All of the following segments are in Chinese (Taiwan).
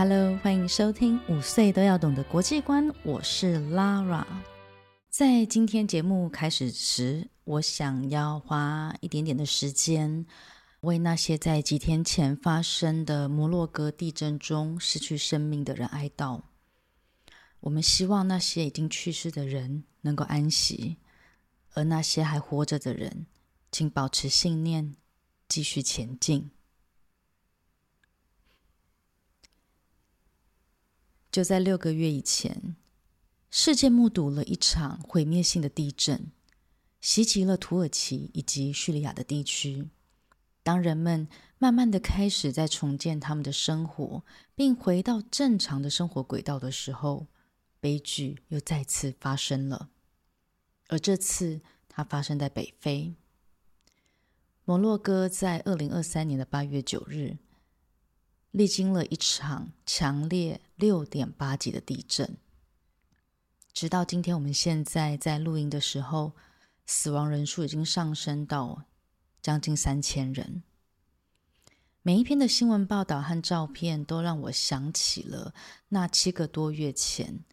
Hello，歡迎收聽《五歲都要懂的國際觀》，我是 Lara。在今天節目開始時，我想要花一點點的時間，為那些在幾天前發生的摩洛哥地震中失去生命的人哀悼。我們希望那些已經去世的人能夠安息，而那些還活着的人，請保持信念，繼續前進。就在六個月以前，世界目睹了一場毀滅性的地震，襲擊了土耳其以及敘利亞的地區。當人們慢慢的開始在重建他們的生活，並回到正常的生活軌道的時候，悲劇又再次發生了。而這次，它發生在北非，摩洛哥，在二零二三年的八月九日。歷經了一場強烈六點八級的地震，直到今天，我們現在在錄音的時候，死亡人數已經上升到將近三千人。每一篇的新聞報道和照片都讓我想起了那七個多月前，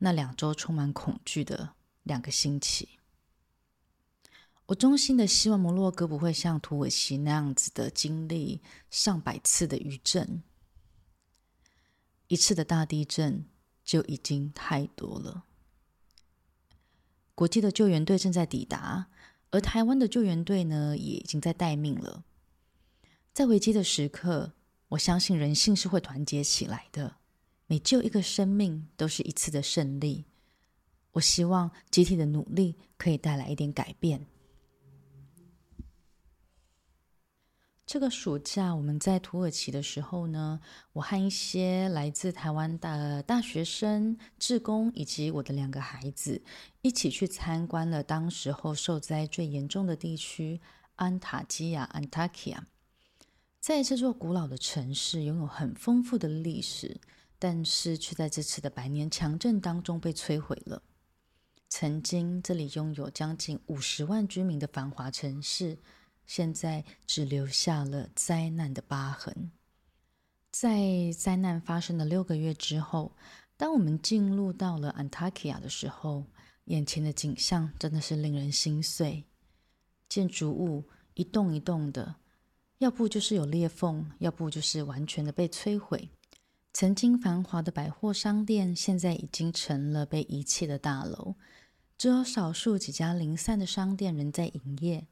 那兩周充滿恐懼的兩個星期。我衷心的希望摩洛哥不會像土耳其那樣子的，經歷上百次的餘震，一次的大地震就已經太多了。國際的救援隊正在抵達，而台灣的救援隊呢，也已經在待命了。在危機的時刻，我相信人性是會團結起來的。每救一個生命，都是一次的勝利。我希望集體的努力可以帶來一點改變。這個暑假我們在土耳其的時候呢，我和一些來自台灣的大學生、志工以及我的兩個孩子一起去參觀了當時候受災最嚴重的地區安塔基亞，安塔基亞。在這座古老的城市擁有很豐富的歷史，但是卻在這次的百年強震當中被摧毀了。曾經這裡擁有將近五十萬居民的繁華城市。現在只留下了災難的疤痕。在災難發生的六個月之後，當我們進入到了 Antakya 的時候，眼前的景象真的是令人心碎。建築物一棟一棟的，要不就是有裂縫，要不就是完全的被摧毀。曾經繁華的百貨商店，現在已經成了被遺棄的大樓，只有少數幾家零散的商店仍在營業。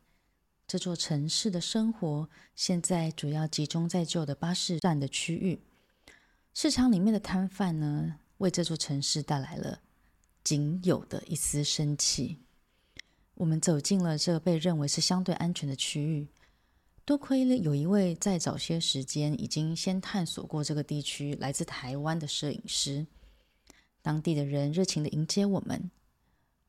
這座城市的生活現在主要集中在舊的巴士站的區域。市場裡面的攤販呢，為這座城市帶來了僅有的一絲生氣。我們走進了這被認為是相對安全的區域，多虧了有一位在早些時間已經先探索過這個地區來自台灣的攝影師。當地的人熱情地迎接我們，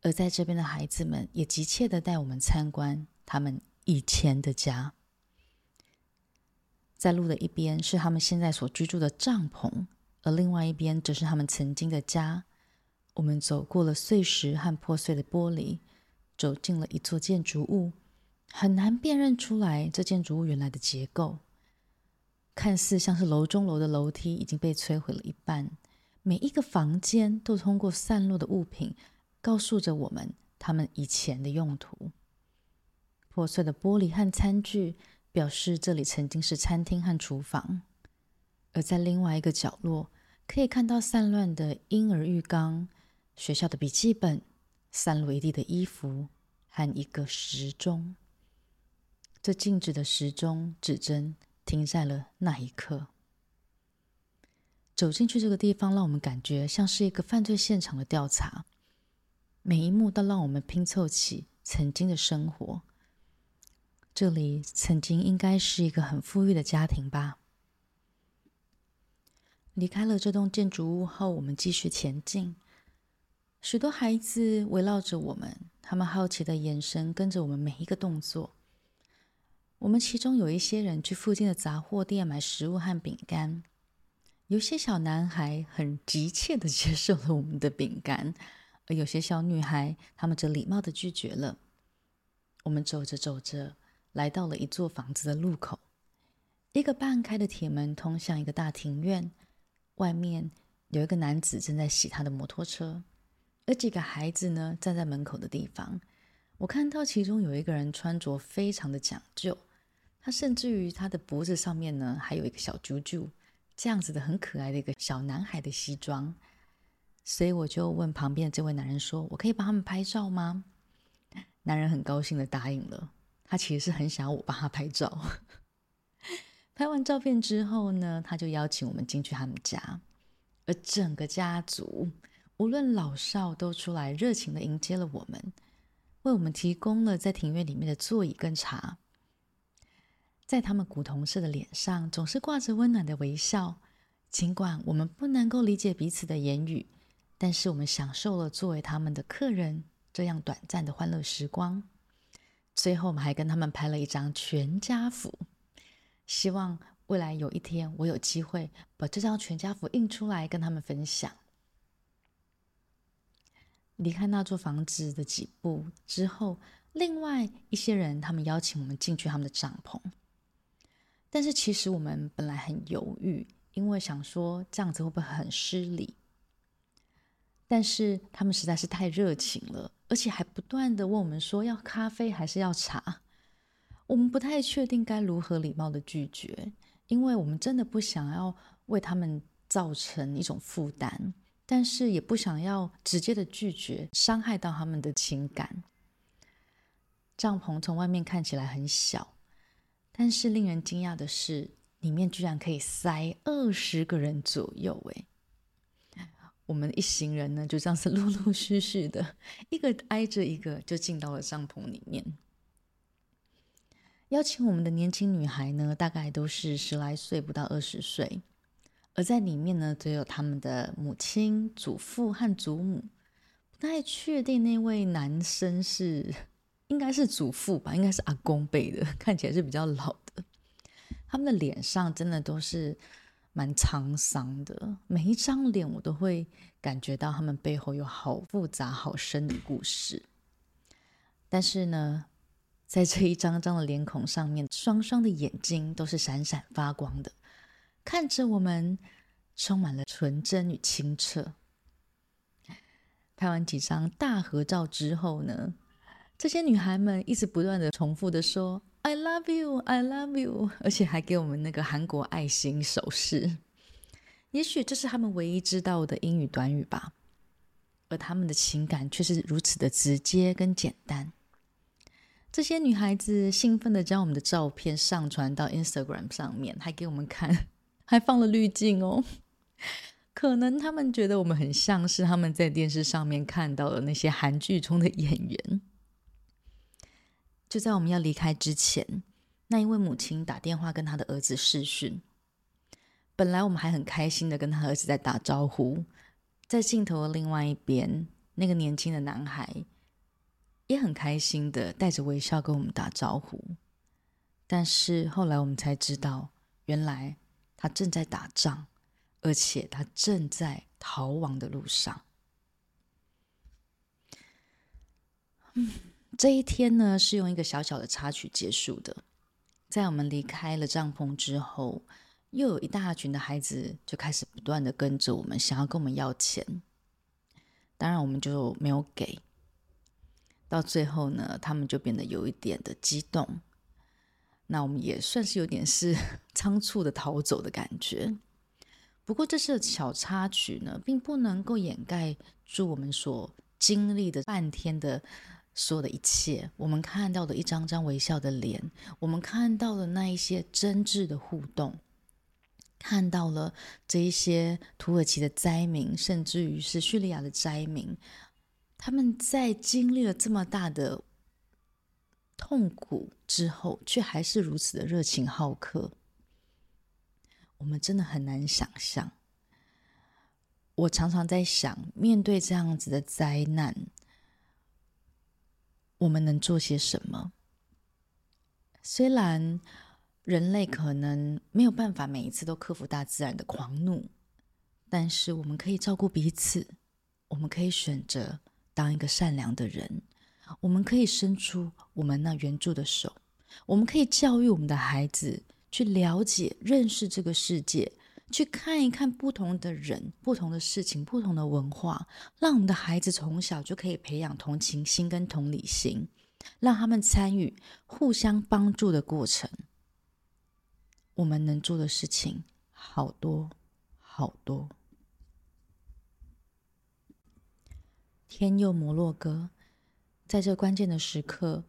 而在這邊的孩子們也急切地帶我們參觀，他們以前的家。在路的一邊是他們現在所居住的帳篷，而另外一邊則是他們曾經的家。我們走過了碎石和破碎的玻璃，走進了一座建築物，很難辨認出來這建築物原來的結構。看似像是樓中樓的樓梯已經被摧毀了一半，每一個房間都通過散落的物品告訴着我們他們以前的用途。破碎的玻璃和餐具表示這裡曾經是餐廳和廚房，而在另外一個角落可以看到散亂的嬰兒浴缸、學校的筆記本、散落一地的衣服和一個時鐘。這靜止的時鐘指針停在了那一刻。走進去這個地方，讓我們感覺像是一個犯罪現場的調查，每一幕都讓我們拼湊起曾經的生活。這裡曾經應該是一個很富裕的家庭吧。離開了這棟建築物後，我們繼續前進。許多孩子圍繞着我們，他們好奇的眼神跟着我們每一個動作。我們其中有一些人去附近的雜貨店買食物和餅乾。有些小男孩很急切的接受了我們的餅乾，而有些小女孩，他們則禮貌的拒絕了。我們走着走着。來到了一座房子的路口，一個半開的鐵門通向一個大庭院，外面有一個男子正在洗他的摩托車，而幾個孩子呢站在門口的地方。我看到其中有一個人穿着非常的講究，他甚至於他的脖子上面呢還有一個小啾啾，這樣子的很可愛的一個小男孩的西裝。所以我就問旁邊的這位男人說：“我可以幫他們拍照嗎？”男人很高興地答應了。他其實是很想要我幫他拍照。拍完照片之後呢，他就邀請我們進去他們家，而整個家族無論老少都出來熱情的迎接了我們，為我們提供了在庭院裡面的座椅跟茶。在他們古銅色的臉上總是掛着溫暖的微笑，儘管我們不能夠理解彼此的言語，但是我們享受了作為他們的客人這樣短暫的歡樂時光。最後，我們還跟他們拍了一張全家福，希望未來有一天我有機會把這張全家福印出來跟他們分享。離開那座房子的幾步之後，另外一些人他們邀請我們進去他們的帳篷，但是其實我們本來很猶豫，因為想說這樣子會不會很失禮，但是他們實在是太熱情了。而且還不斷地問我們說要咖啡還是要茶，我們不太確定該如何禮貌地拒絕，因為我們真的不想要為他們造成一種負擔，但是也不想要直接的拒絕，傷害到他們的情感。帳篷從外面看起來很小，但是令人驚訝的是，裡面居然可以塞二十個人左右，哎。我們一行人呢，就這樣子陸陸續續的，一個挨着一個就進到了帳篷裡面。邀請我們的年輕女孩呢，大概都是十來歲，不到二十歲。而在裡面呢，只有他們的母親、祖父和祖母。不太確定那位男生是，應該是祖父吧，應該是阿公輩的，看起來是比較老的。他們的臉上真的都是。蠻滄桑的，每一張臉我都會感覺到他們背後有好複雜、好深的故事。但是呢，在這一張張的臉孔上面，雙雙的眼睛都是閃閃發光的，看着我們，充滿了純真與清澈。拍完幾張大合照之後呢，這些女孩們一直不斷的重複的說，I love you, I love you，而且還給我們那個韓國愛心手勢。也許這是他們唯一知道的英語短語吧。而他們的情感卻是如此的直接跟簡單。這些女孩子興奮地將我們的照片上傳到 Instagram 上面，還給我們看，還放了濾鏡哦。可能他們覺得我們很像是他們在電視上面看到的那些韓劇中的演員。就在我們要離開之前，那一位母親打電話跟他的兒子視訊。本來我們還很開心的跟他兒子在打招呼，在鏡頭的另外一邊，那個年輕的男孩也很開心的帶着微笑跟我們打招呼。但是後來我們才知道，原來他正在打仗，而且他正在逃亡的路上。嗯。這一天呢，是用一個小小的插曲結束的。在我們離開了帳篷之後，又有一大群的孩子就開始不斷的跟着我們，想要跟我們要錢。當然，我們就沒有給。到最後呢，他們就變得有一點的激動。那我們也算是有點是倉促的逃走的感覺。不過，這是小插曲呢，並不能夠掩蓋住我們所經歷的半天的。說的一切，我們看到的一張張微笑的臉，我們看到的那一些真摯的互動，看到了這一些土耳其的災民，甚至於是敘利亞的災民，他們在經歷了這麼大的痛苦之後，卻還是如此的熱情好客，我們真的很難想象。我常常在想，面對這樣子的災難。我們能做些什麼？雖然人類可能沒有辦法每一次都克服大自然的狂怒，但是我們可以照顧彼此，我們可以選擇當一個善良的人，我們可以伸出我們那援助的手，我們可以教育我們的孩子去了解、認識這個世界。去看一看不同的人、不同的事情、不同的文化，讓我們的孩子從小就可以培養同情心跟同理心，讓他們參與互相幫助的過程。我們能做的事情好多好多。天佑摩洛哥，在這關鍵的時刻，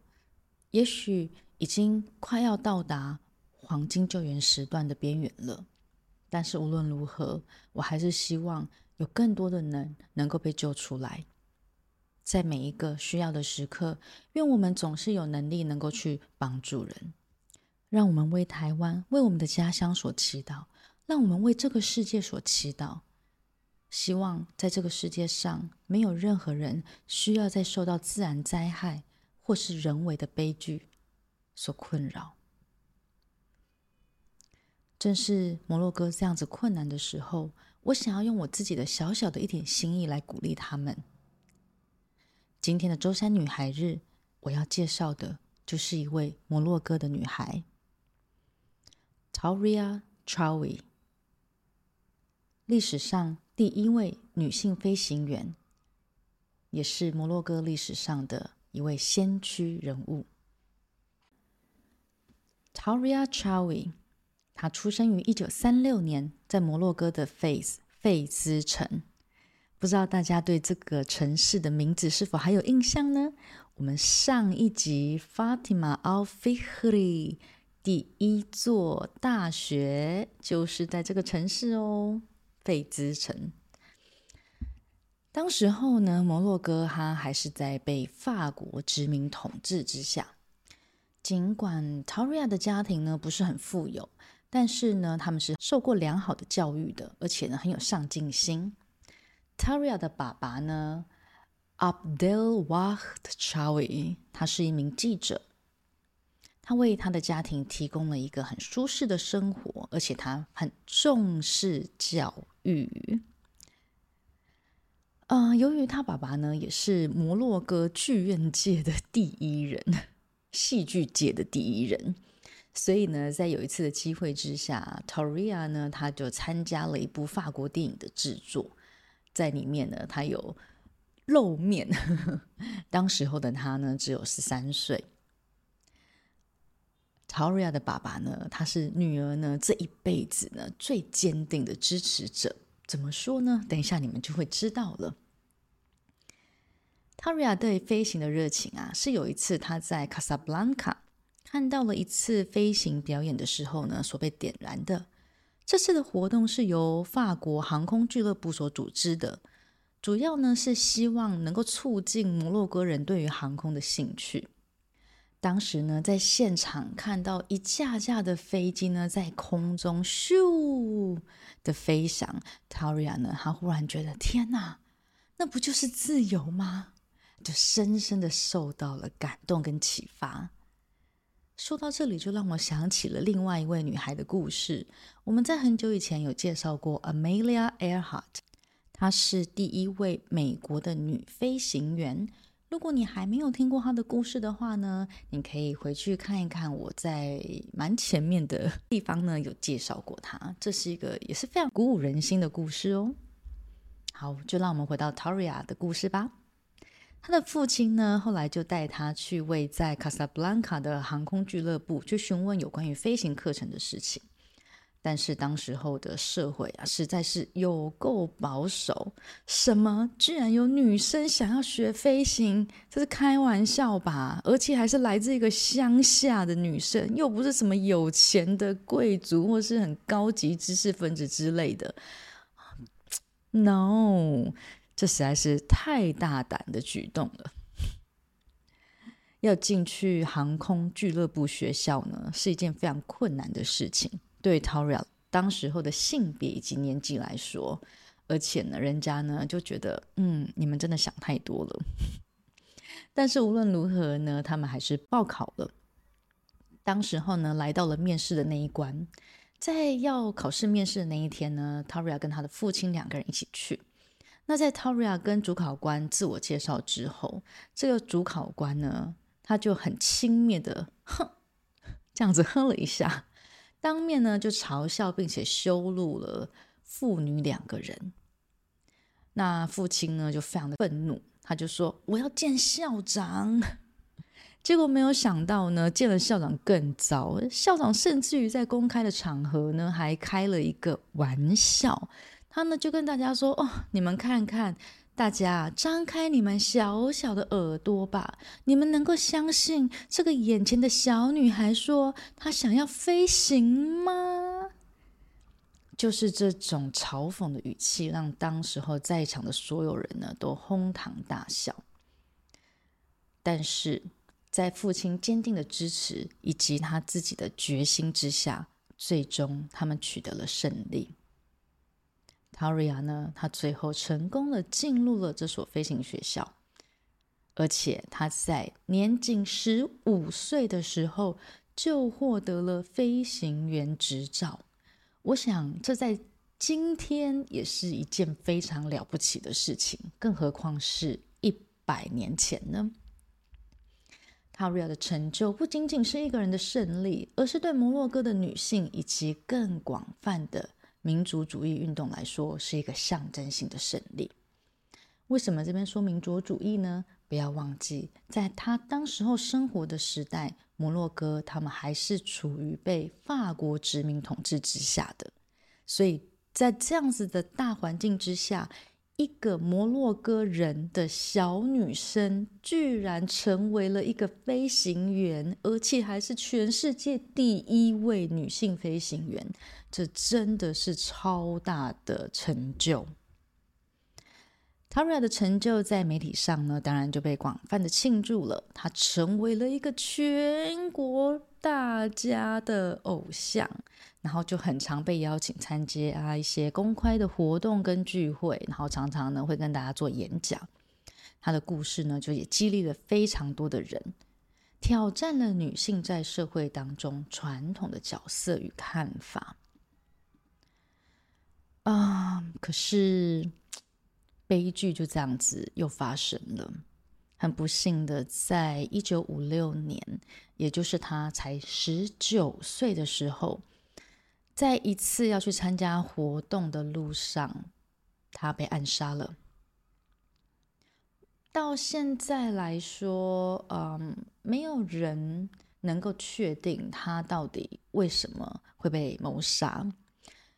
也許已經快要到達黃金救援時段的邊緣了。但是無論如何，我還是希望有更多的人能夠被救出來，在每一個需要的時刻，願我們總是有能力能夠去幫助人。讓我們為台灣，為我們的家鄉所祈禱，讓我們為這個世界所祈禱。希望在這個世界上，沒有任何人需要再受到自然災害或是人為的悲劇所困擾。正是摩洛哥這樣子困難的時候，我想要用我自己的小小的一點心意來鼓勵他們。今天的週三女孩日，我要介紹的，就是一位摩洛哥的女孩，Touria Chaoui，歷史上第一位女性飛行員，也是摩洛哥歷史上的一位先驅人物，Touria Chaoui。他出生於一九三六年，在摩洛哥的費斯費茲城。不知道大家對這個城市的名字是否還有印象呢？我們上一集 Fatima Al Fihri 第一座大學就是在這個城市哦，費茲城。當時候呢，摩洛哥它還是在被法國殖民統治之下。儘管 Touria 的家庭呢不是很富有。但是呢，他們是受過良好的教育的，而且呢很有上進心。Touria 的爸爸呢，Abdelwahed Chaoui，他是一名記者，他為他的家庭提供了一個很舒適的生活，而且他很重視教育。呃，由於他爸爸呢也是摩洛哥劇院界的第一人，戲劇界的第一人。所以呢，在有一次的機會之下，Touria 呢，他就參加了一部法國電影的製作，在裡面呢，他有露面。 當時候的他呢，只有十三歲。Touria 的爸爸呢，他是女兒呢這一輩子呢最堅定的支持者。怎麼說呢？等一下你們就會知道了。Touria 對飛行的熱情啊，是有一次他在 Casablanca。看到了一次飛行表演的時候呢，所被點燃的。這次的活動是由法國航空俱樂部所組織的，主要呢是希望能夠促進摩洛哥人對於航空的興趣。當時呢，在現場看到一架架的飛機呢在空中咻的飛翔。Touria 呢，她忽然覺得天哪，那不就是自由嗎？就深深的受到了感動跟啟發。說到這裡，就讓我想起了另外一位女孩的故事。我們在很久以前有介紹過 Amelia Earhart，她是第一位美國的女飛行員。如果你還沒有聽過她的故事的話呢，你可以回去看一看。我在蠻前面的地方呢有介紹過她，這是一個也是非常鼓舞人心的故事哦。好，就讓我們回到 Touria 的故事吧。他的父親呢，後來就帶他去位在卡薩布蘭卡的航空俱樂部，去詢問有關於飛行課程的事情。但是當時候的社會啊，實在是有夠保守，什麼？居然有女生想要學飛行，這是開玩笑吧？而且還是來自一個鄉下的女生，又不是什麼有錢的貴族或是很高級知識分子之類的。No。這實在是太大膽的舉動了，要進去航空俱樂部學校呢，是一件非常困難的事情，對 Touria 當時候的性別以及年紀來說，而且呢，人家呢就覺得，嗯，你們真的想太多了。但是無論如何呢，他們還是報考了。當時候呢，來到了面試的那一關，在要考試面試的那一天呢，Touria 跟他的父親兩個人一起去。那在陶瑞亞跟主考官自我介紹之後，這個主考官呢，他就很輕蔑的哼，這樣子哼了一下，當面呢就嘲笑，並且羞辱了父女兩個人。那父親呢就非常的憤怒，他就說：“我要見校長。”結果沒有想到呢，見了校長更糟，校長甚至於在公開的場合呢，還開了一個玩笑。他呢就跟大家說：“哦，你們看看，大家張開你們小小的耳朵吧，你們能夠相信這個眼前的小女孩說她想要飛行嗎？”就是這種嘲諷的語氣，讓當時候在場的所有人呢都哄堂大笑。但是在父親堅定的支持以及他自己的決心之下，最終他們取得了勝利。Touria 呢，他最後成功的進入了這所飛行學校，而且他在年僅十五歲的時候就獲得了飛行員執照。我想，這在今天也是一件非常了不起的事情，更何況是一百年前呢？Touria 的成就不僅僅是一個人的勝利，而是對摩洛哥的女性以及更廣泛的民族主義運動來說是一個象徵性的勝利。為什麼這邊說民族主義呢？不要忘記，在他當時候生活的時代，摩洛哥他們還是處於被法國殖民統治之下的。所以在這樣子的大環境之下。一個摩洛哥人的小女生，居然成為了一個飛行員，而且還是全世界第一位女性飛行員，這真的是超大的成就。Touria 的成就在媒體上呢，當然就被廣泛的慶祝了，她成為了一個全國大家的偶像。然後就很常被邀請參加啊一些公開的活動跟聚會，然後常常呢會跟大家做演講。她的故事呢就也激勵了非常多的人，挑戰了女性在社會當中傳統的角色與看法。啊、呃，可是悲劇就這樣子又發生了，很不幸的，在一九五六年，也就是她才十九歲的時候。在一次要去參加活動的路上，她被暗殺了。到現在來說，嗯，沒有人能夠確定她到底為什麼會被謀殺。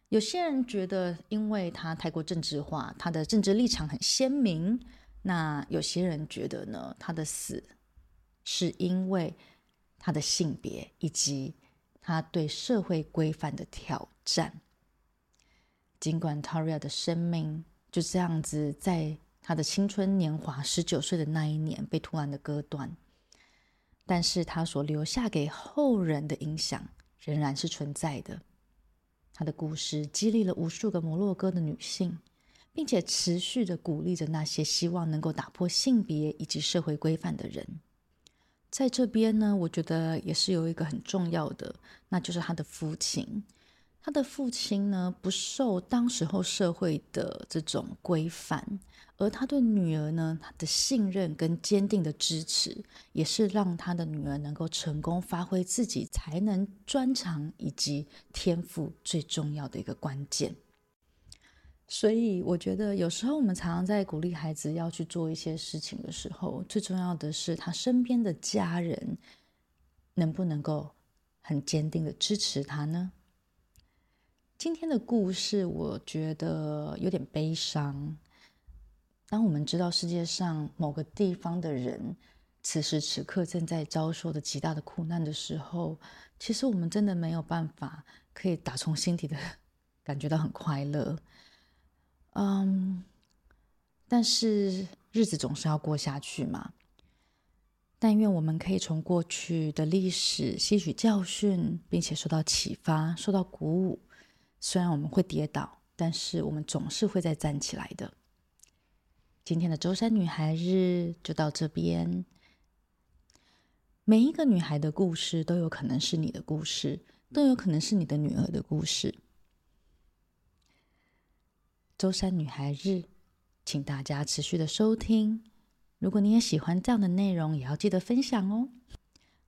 有些人覺得，因為她太過政治化，她的政治立場很鮮明。那有些人覺得呢，她的死是因為她的性別以及。他對社會規範的挑戰，儘管 Touria 的生命就這樣子在他的青春年華十九歲的那一年被突然的割斷，但是他所留下給後人的影響仍然是存在的。他的故事激勵了無數個摩洛哥的女性，並且持續的鼓勵着那些希望能夠打破性別以及社會規範的人。在這邊呢，我覺得也是有一個很重要的，那就是他的父親。他的父親呢，不受當時候社會的這種規範，而他對女兒呢，他的信任跟堅定的支持，也是讓他的女兒能夠成功發揮自己才能、專長以及天賦最重要的一個關鍵。所以我覺得，有時候我們常常在鼓勵孩子要去做一些事情的時候，最重要的是他身邊的家人能不能夠很堅定的支持他呢？今天的故事我覺得有點悲傷。當我們知道世界上某個地方的人此時此刻正在遭受的極大的苦難的時候，其實我們真的沒有辦法可以打從心底的感覺到很快樂。嗯，um, 但是日子總是要過下去嘛。但願我們可以從過去的歷史吸取教訓，並且受到啟發、受到鼓舞。雖然我們會跌倒，但是我們總是會再站起來的。今天的週三女孩日就到這邊。每一個女孩的故事都有可能是你的故事，都有可能是你的女兒的故事。週三女孩日，請大家持續的收聽。如果你也喜歡這樣的內容，也要記得分享哦。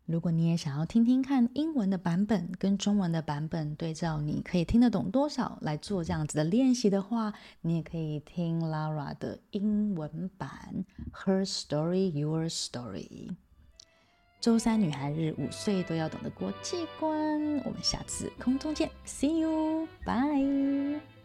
如果你也想要聽聽看英文的版本跟中文的版本對照，你可以聽得懂多少來做這樣子的練習的話，你也可以聽 Lara 的英文版《Her Story Your Story》。週三女孩日，五歲都要懂的國際觀。我們下次空中見，See you，bye。